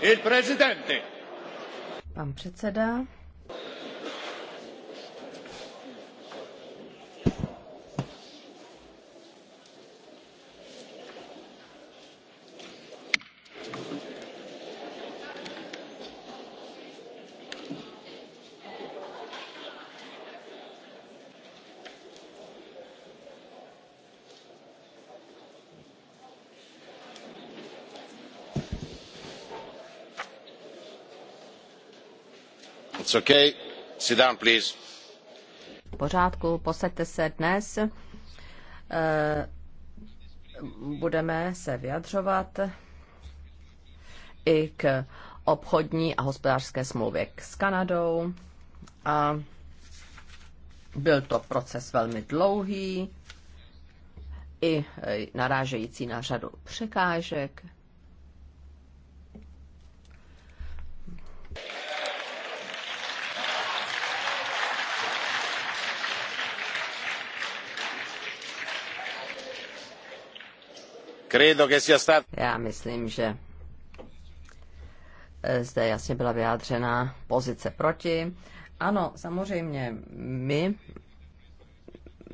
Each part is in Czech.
Il presidente. Pan předseda. It's okay. Sit down, please. V pořádku, posaďte se dnes. Eh, budeme se vyjadřovat i k obchodní a hospodářské smlouvě s Kanadou. A byl to proces velmi dlouhý i eh, narážející na řadu překážek. Já myslím, že eh, zde jasně byla vyjádřena pozice proti. Ano, samozřejmě, my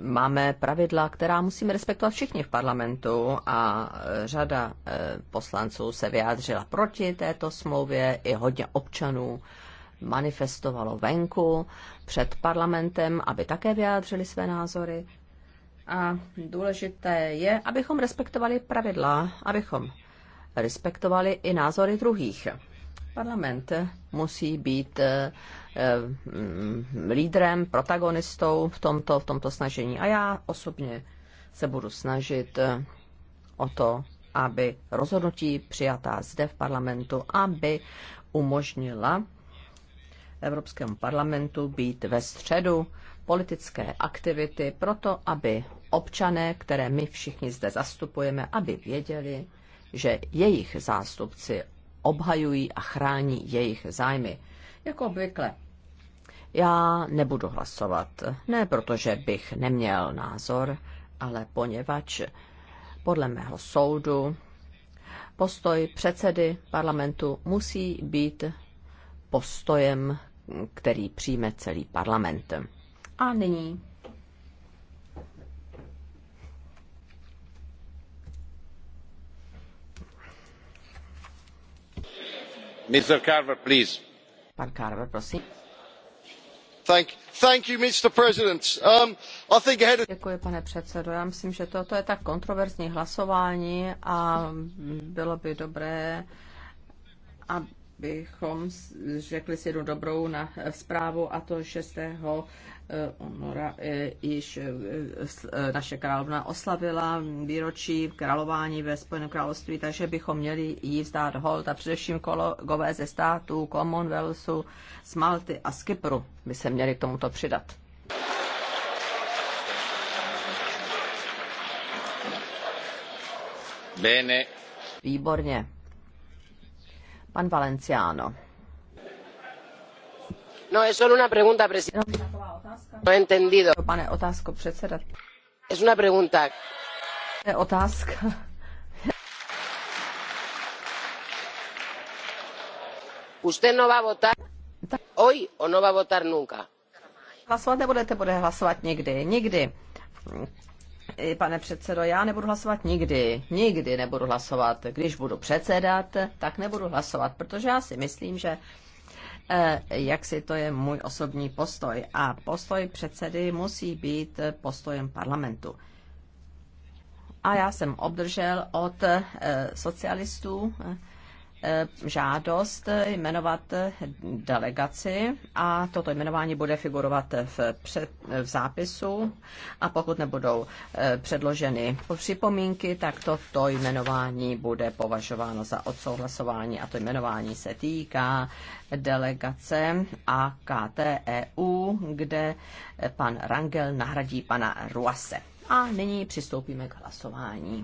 máme pravidla, která musíme respektovat všichni v parlamentu a eh, řada eh, poslanců se vyjádřila proti této smlouvě, i hodně občanů manifestovalo venku před parlamentem, aby také vyjádřili své názory. A důležité je, abychom respektovali pravidla, abychom respektovali i názory druhých. Parlament musí být eh, eh, lídrem, protagonistou v tomto, v tomto snažení. A já osobně se budu snažit eh, o to, aby rozhodnutí přijatá zde v parlamentu, aby umožnila Evropskému parlamentu být ve středu politické aktivity proto, aby občané, které my všichni zde zastupujeme, aby věděli, že jejich zástupci obhajují a chrání jejich zájmy. Jako obvykle, já nebudu hlasovat, ne protože bych neměl názor, ale poněvadž podle mého soudu postoj předsedy parlamentu musí být postojem, který přijme celý parlament. A nyní Mr. Carver, please. Pan Carver, prosím. Thank, thank you, Mr President. Um, I think Děkuji, pane předsedo. Já myslím, že toto je tak kontroverzní hlasování a bylo by dobré, aby bychom řekli si jednu dobrou na zprávu a to 6. Eh, února eh, již eh, naše královna oslavila výročí králování ve Spojeném království, takže bychom měli jí vzdát hold a především kolegové ze států, Commonwealthu, z Malty a z Kypru by se měli k tomuto přidat. Bene. Výborně. Pan Valenciano. No, es solo una pregunta, presidente. No he entendido. No, pane otázko, předseda. Es una pregunta. Je otázka. Usted no va a votar hoy o no va a votar nunca. Hlasovat nebudete, bude hlasovat někdy. Nikdy. Pane předsedo, já nebudu hlasovat nikdy, nikdy nebudu hlasovat. Když budu předsedat, tak nebudu hlasovat, protože já si myslím, že e, jak si to je můj osobní postoj. A postoj předsedy musí být postojem parlamentu. A já jsem obdržel od e, socialistů Eh, žádost jmenovat delegaci a toto jmenování bude figurovat v, před, v zápisu a pokud nebudou eh, předloženy připomínky, tak toto jmenování bude považováno za odsouhlasování a to jmenování se týká delegace KTEU, kde eh, pan Rangel nahradí pana Ruase. A nyní přistoupíme k hlasování.